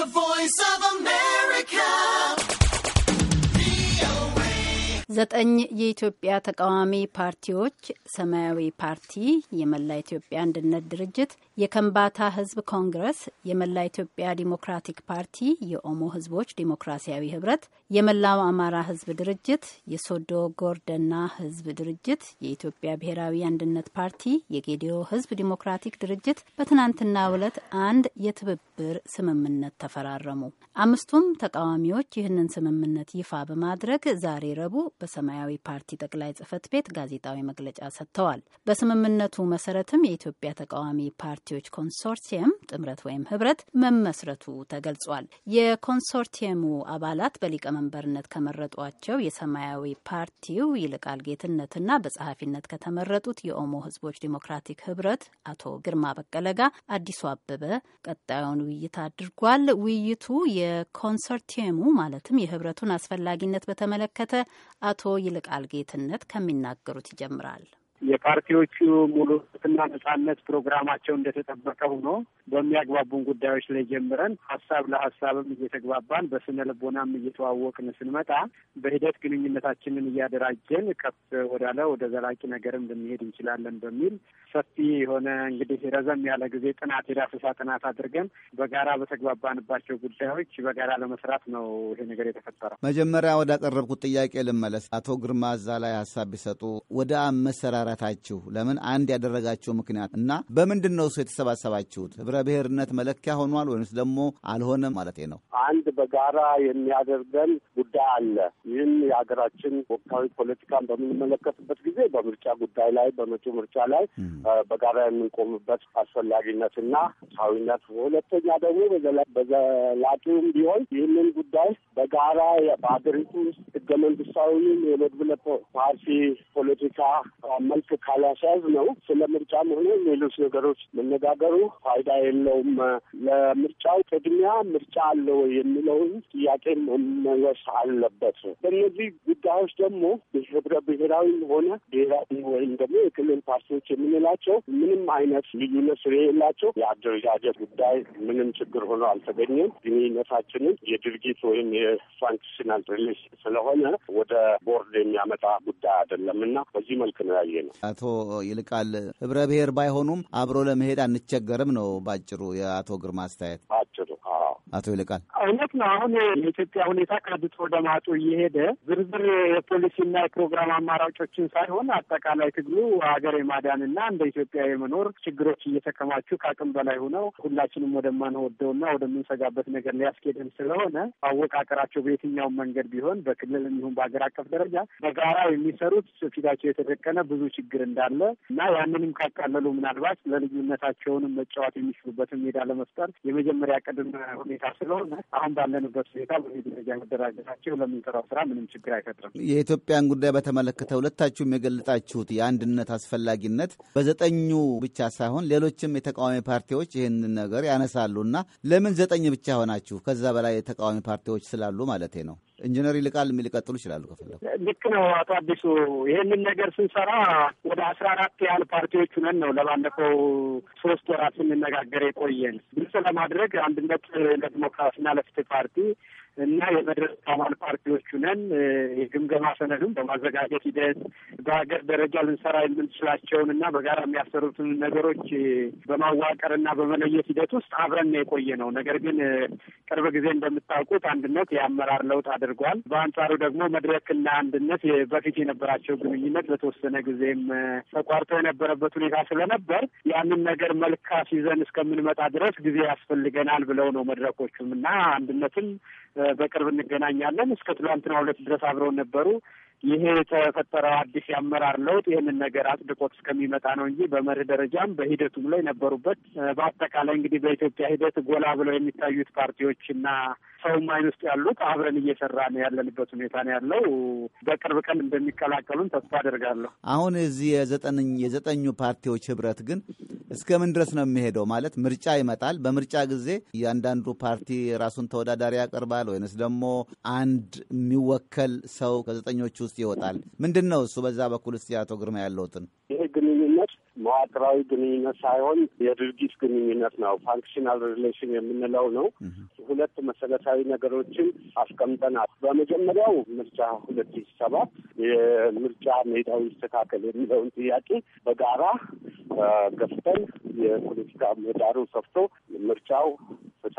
The voice of a man. ዘጠኝ የኢትዮጵያ ተቃዋሚ ፓርቲዎች ሰማያዊ ፓርቲ፣ የመላ ኢትዮጵያ አንድነት ድርጅት፣ የከምባታ ህዝብ ኮንግረስ፣ የመላ ኢትዮጵያ ዲሞክራቲክ ፓርቲ፣ የኦሞ ህዝቦች ዲሞክራሲያዊ ህብረት፣ የመላው አማራ ህዝብ ድርጅት፣ የሶዶ ጎርደና ህዝብ ድርጅት፣ የኢትዮጵያ ብሔራዊ አንድነት ፓርቲ፣ የጌዲዮ ህዝብ ዲሞክራቲክ ድርጅት በትናንትናው ዕለት አንድ የትብብር ስምምነት ተፈራረሙ። አምስቱም ተቃዋሚዎች ይህንን ስምምነት ይፋ በማድረግ ዛሬ ረቡዕ በሰማያዊ ፓርቲ ጠቅላይ ጽህፈት ቤት ጋዜጣዊ መግለጫ ሰጥተዋል። በስምምነቱ መሰረትም የኢትዮጵያ ተቃዋሚ ፓርቲዎች ኮንሶርቲየም ጥምረት ወይም ህብረት መመስረቱ ተገልጿል። የኮንሶርቲየሙ አባላት በሊቀመንበርነት ከመረጧቸው የሰማያዊ ፓርቲው ይልቃል ጌትነትና በጸሐፊነት ከተመረጡት የኦሞ ህዝቦች ዲሞክራቲክ ህብረት አቶ ግርማ በቀለ ጋር አዲሱ አበበ ቀጣዩን ውይይት አድርጓል። ውይይቱ የኮንሶርቲየሙ ማለትም የህብረቱን አስፈላጊነት በተመለከተ አቶ ይልቃል ጌትነት ከሚናገሩት ይጀምራል። የፓርቲዎቹ ሙሉትና ነጻነት ፕሮግራማቸው እንደተጠበቀ ሆኖ በሚያግባቡን ጉዳዮች ላይ ጀምረን ሀሳብ ለሀሳብም እየተግባባን በስነ ልቦናም እየተዋወቅን ስንመጣ በሂደት ግንኙነታችንን እያደራጀን ከፍ ወዳለ ወደ ዘላቂ ነገርም ልንሄድ እንችላለን በሚል ሰፊ የሆነ እንግዲህ ረዘም ያለ ጊዜ ጥናት የዳሰሳ ጥናት አድርገን በጋራ በተግባባንባቸው ጉዳዮች በጋራ ለመስራት ነው ይሄ ነገር የተፈጠረው። መጀመሪያ ወዳቀረብኩት ጥያቄ ልመለስ። አቶ ግርማ እዛ ላይ ሀሳብ ቢሰጡ ወደ አመሰራር ጥረታችሁ? ለምን አንድ ያደረጋችሁ ምክንያት እና በምንድን ነው እሱ የተሰባሰባችሁት? ህብረ ብሔርነት መለኪያ ሆኗል ወይምስ ደግሞ አልሆነም ማለት ነው? አንድ በጋራ የሚያደርገን ጉዳይ አለ። ይህን የሀገራችን ወቅታዊ ፖለቲካን በምንመለከትበት ጊዜ በምርጫ ጉዳይ ላይ በመጪው ምርጫ ላይ በጋራ የምንቆምበት አስፈላጊነትና ሳዊነት፣ ሁለተኛ ደግሞ በዘላቂውም ቢሆን ይህንን ጉዳይ በጋራ በሀገሪቱ ውስጥ ህገ መንግስታዊ የመድብለ ፓርቲ ፖለቲካ ሰልፍ ካላስያዝ ነው ስለ ምርጫም ሆነ ሌሎች ነገሮች መነጋገሩ ፋይዳ የለውም። ለምርጫው ቅድሚያ ምርጫ አለው የሚለውን ጥያቄ መመለስ አለበት። በእነዚህ ጉዳዮች ደግሞ ህብረ ብሔራዊ ሆነ ብሔራዊ ወይም ደግሞ የክልል ፓርቲዎች የምንላቸው ምንም አይነት ልዩነት ስለሌላቸው የአደረጃጀት ጉዳይ ምንም ችግር ሆኖ አልተገኘም። ግንኙነታችንን የድርጊት ወይም የፋንክሽናል ሪሊስ ስለሆነ ወደ ቦርድ የሚያመጣ ጉዳይ አይደለም እና በዚህ መልክ ነው ያየ ነው። አቶ ይልቃል ህብረ ብሔር ባይሆኑም አብሮ ለመሄድ አንቸገርም ነው ባጭሩ የአቶ ግርማ አስተያየት ባጭሩ አቶ ይልቃል እውነት ነው። አሁን የኢትዮጵያ ሁኔታ ከድጡ ወደ ማጡ እየሄደ ዝርዝር የፖሊሲና የፕሮግራም አማራጮችን ሳይሆን አጠቃላይ ትግሉ ሀገር የማዳንና እንደ ኢትዮጵያ የመኖር ችግሮች እየተከማቹ ከአቅም በላይ ሆነው ሁላችንም ወደማንወደውና ወደምንሰጋበት ነገር ሊያስኬደን ስለሆነ አወቃቀራቸው በየትኛውም መንገድ ቢሆን በክልል እንዲሁም በሀገር አቀፍ ደረጃ በጋራ የሚሰሩት ፊታቸው የተደቀነ ብዙ ችግር እንዳለ እና ያንንም ካቃለሉ ምናልባት ለልዩነታቸውንም መጫወት የሚችሉበትን ሜዳ ለመፍጠር የመጀመሪያ ቅድም። ሁኔታ ስለሆነ አሁን ባለንበት ሁኔታ በዚህ ደረጃ መደራጀታቸው ለምንሰራው ስራ ምንም ችግር አይፈጥርም። የኢትዮጵያን ጉዳይ በተመለከተ ሁለታችሁም የገለጣችሁት የአንድነት አስፈላጊነት በዘጠኙ ብቻ ሳይሆን ሌሎችም የተቃዋሚ ፓርቲዎች ይህንን ነገር ያነሳሉ እና ለምን ዘጠኝ ብቻ ሆናችሁ ከዛ በላይ የተቃዋሚ ፓርቲዎች ስላሉ ማለት ነው ኢንጂነር ይልቃል የሚልቀጥሉ ይችላሉ ከፈለጉ። ልክ ነው አቶ አዲሱ። ይህንን ነገር ስንሰራ ወደ አስራ አራት ያህል ፓርቲዎች ሁነን ነው ለባለፈው ሶስት ወራት ስንነጋገር የቆየን። ግልጽ ለማድረግ አንድነት ለዲሞክራሲና ለፍትህ ፓርቲ እና የመድረክ አባል ፓርቲዎቹ ነን። የግምገማ ሰነዱን በማዘጋጀት ሂደት በሀገር ደረጃ ልንሰራ የምንችላቸውን እና በጋራ የሚያሰሩትን ነገሮች በማዋቀር እና በመለየት ሂደት ውስጥ አብረን ነው የቆየ ነው። ነገር ግን ቅርብ ጊዜ እንደምታውቁት አንድነት የአመራር ለውጥ አድርጓል። በአንጻሩ ደግሞ መድረክና አንድነት በፊት የነበራቸው ግንኙነት በተወሰነ ጊዜም ተቋርጦ የነበረበት ሁኔታ ስለነበር ያንን ነገር መልካ ሲዘን እስከምንመጣ ድረስ ጊዜ ያስፈልገናል ብለው ነው መድረኮቹም እና አንድነትም በቅርብ እንገናኛለን። እስከ ትላንትና ሁለት ድረስ አብረው ነበሩ። ይሄ የተፈጠረው አዲስ የአመራር ለውጥ ይህንን ነገር አጽድቆት እስከሚመጣ ነው እንጂ በመርህ ደረጃም በሂደቱም ላይ ነበሩበት። በአጠቃላይ እንግዲህ በኢትዮጵያ ሂደት ጎላ ብለው የሚታዩት ፓርቲዎች እና ሰውም አይን ውስጥ ያሉት አብረን ነው ያለንበት ሁኔታ ነው ያለው። በቅርብ ቀን እንደሚቀላቀሉን ተስፋ አደርጋለሁ። አሁን እዚህ የዘጠኝ የዘጠኙ ፓርቲዎች ህብረት ግን እስከ ምን ድረስ ነው የሚሄደው? ማለት ምርጫ ይመጣል። በምርጫ ጊዜ እያንዳንዱ ፓርቲ ራሱን ተወዳዳሪ ያቀርባል ወይንስ ደግሞ አንድ የሚወከል ሰው ከዘጠኞቹ ውስጥ ይወጣል? ምንድን ነው እሱ በዛ በኩል እስኪ አቶ ግርማ ያለውትን ግንኙነት መዋቅራዊ ግንኙነት ሳይሆን የድርጊት ግንኙነት ነው። ፋንክሽናል ሪሌሽን የምንለው ነው። ሁለት መሰረታዊ ነገሮችን አስቀምጠናል። በመጀመሪያው ምርጫ ሁለት ሺህ ሰባት የምርጫ ሜዳው ይስተካከል የሚለውን ጥያቄ በጋራ ገፍተን የፖለቲካ ምህዳሩ ሰፍቶ ምርጫው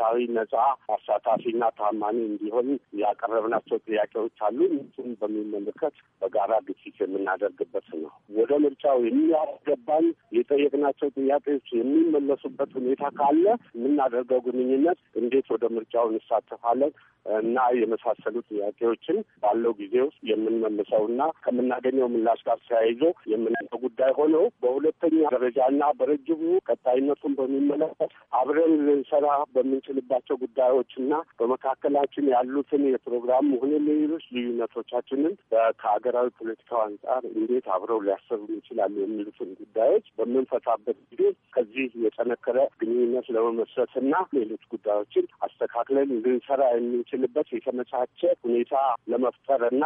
ፍትሐዊ፣ ነጻ፣ አሳታፊና ታማኒ እንዲሆን ያቀረብናቸው ጥያቄዎች አሉ። እሱም በሚመለከት በጋራ ግፊት የምናደርግበት ነው። ወደ ምርጫው የሚያገባን የጠየቅናቸው ጥያቄዎች የሚመለሱበት ሁኔታ ካለ የምናደርገው ግንኙነት እንዴት ወደ ምርጫው እንሳተፋለን እና የመሳሰሉ ጥያቄዎችን ባለው ጊዜ ውስጥ የምንመልሰውና ከምናገኘው ምላሽ ጋር ተያይዞ የምናየው ጉዳይ ሆኖ በሁለተኛ ደረጃና በረጅሙ ቀጣይነቱን በሚመለከት አብረን ልንሰራ በምንችል የምንችልባቸው ጉዳዮች እና በመካከላችን ያሉትን የፕሮግራም ሆነ ሌሎች ልዩነቶቻችንን ከሀገራዊ ፖለቲካው አንጻር እንዴት አብረው ሊያሰሩ ይችላሉ የሚሉትን ጉዳዮች በምንፈታበት ጊዜ ከዚህ የጠነከረ ግንኙነት ለመመስረት እና ሌሎች ጉዳዮችን አስተካክለን ልንሰራ የምንችልበት የተመቻቸ ሁኔታ ለመፍጠር እና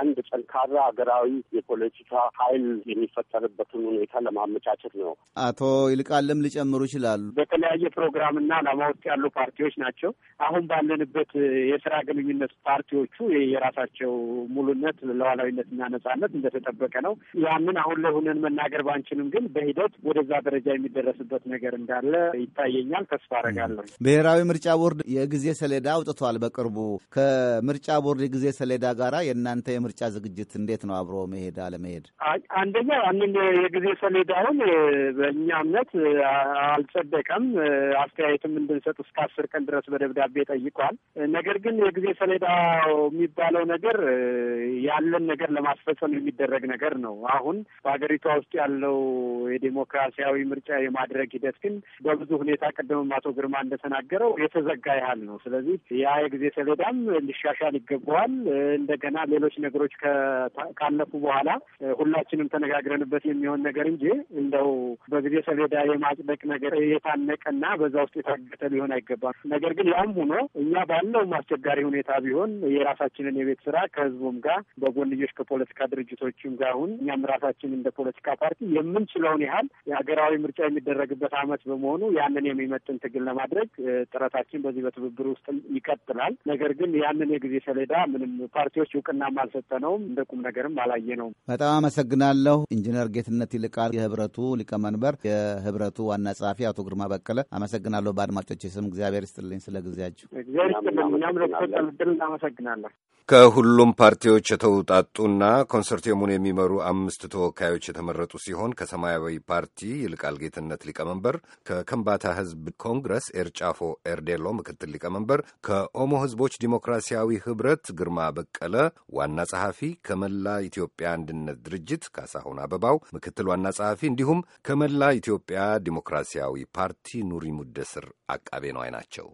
አንድ ጠንካራ ሀገራዊ የፖለቲካ ኃይል የሚፈጠርበትን ሁኔታ ለማመቻቸት ነው። አቶ ይልቃለም ሊጨምሩ ይችላሉ። በተለያየ ፕሮግራምና ዓላማ ውስጥ ያሉ ፓርቲዎች ናቸው። አሁን ባለንበት የስራ ግንኙነት ፓርቲዎቹ የራሳቸው ሙሉነት፣ ለዋላዊነትና ነጻነት እንደተጠበቀ ነው። ያንን አሁን ላይ ሆነን መናገር ባንችልም ግን በሂደት ወደዛ ደረጃ የሚደረስበት ነገር እንዳለ ይታየኛል። ተስፋ አረጋለሁ። ብሔራዊ ምርጫ ቦርድ የጊዜ ሰሌዳ አውጥቷል በቅርቡ። ከምርጫ ቦርድ የጊዜ ሰሌዳ ጋራ የእናንተ የምርጫ ዝግጅት እንዴት ነው? አብሮ መሄድ አለመሄድ? አንደኛ ያንን የጊዜ ሰሌዳውን በእኛ እምነት አልጸደቀም። አስተያየትም እንድንሰጥ እስካ አስር ቀን ድረስ በደብዳቤ ጠይቋል። ነገር ግን የጊዜ ሰሌዳ የሚባለው ነገር ያለን ነገር ለማስፈጸም የሚደረግ ነገር ነው። አሁን በሀገሪቷ ውስጥ ያለው የዴሞክራሲያዊ ምርጫ የማድረግ ሂደት ግን በብዙ ሁኔታ ቀደምም አቶ ግርማ እንደተናገረው የተዘጋ ያህል ነው። ስለዚህ ያ የጊዜ ሰሌዳም ሊሻሻል ይገባዋል። እንደገና ሌሎች ነገሮች ካለፉ በኋላ ሁላችንም ተነጋግረንበት የሚሆን ነገር እንጂ እንደው በጊዜ ሰሌዳ የማጽደቅ ነገር የታነቀና በዛ ውስጥ የታገተ ሊሆን አይገባም። ነበር። ነገር ግን ያም ሆኖ እኛ ባለውም አስቸጋሪ ሁኔታ ቢሆን የራሳችንን የቤት ስራ ከህዝቡም ጋር በጎንዮሽ ከፖለቲካ ድርጅቶችም ጋር አሁን እኛም ራሳችን እንደ ፖለቲካ ፓርቲ የምንችለውን ያህል የሀገራዊ ምርጫ የሚደረግበት አመት በመሆኑ ያንን የሚመጥን ትግል ለማድረግ ጥረታችን በዚህ በትብብር ውስጥ ይቀጥላል። ነገር ግን ያንን የጊዜ ሰሌዳ ምንም ፓርቲዎች እውቅናም አልሰጠነውም፣ እንደ ቁም ነገርም አላየነውም። በጣም አመሰግናለሁ። ኢንጂነር ጌትነት ይልቃል የህብረቱ ሊቀመንበር፣ የህብረቱ ዋና ጸሐፊ አቶ ግርማ በቀለ አመሰግናለሁ። በአድማጮች ስም ጊዜ እግዚአብሔር ይስጥልኝ ስለ ጊዜያችሁ። ከሁሉም ፓርቲዎች የተውጣጡና ኮንሰርቲየሙን የሚመሩ አምስት ተወካዮች የተመረጡ ሲሆን ከሰማያዊ ፓርቲ ይልቃል ጌትነት ሊቀመንበር፣ ከከምባታ ህዝብ ኮንግረስ ኤርጫፎ ኤርዴሎ ምክትል ሊቀመንበር፣ ከኦሞ ህዝቦች ዲሞክራሲያዊ ህብረት ግርማ በቀለ ዋና ጸሐፊ፣ ከመላ ኢትዮጵያ አንድነት ድርጅት ካሳሁን አበባው ምክትል ዋና ጸሐፊ እንዲሁም ከመላ ኢትዮጵያ ዲሞክራሲያዊ ፓርቲ ኑሪ ሙደስር አቃቤ ነው። ናቸው።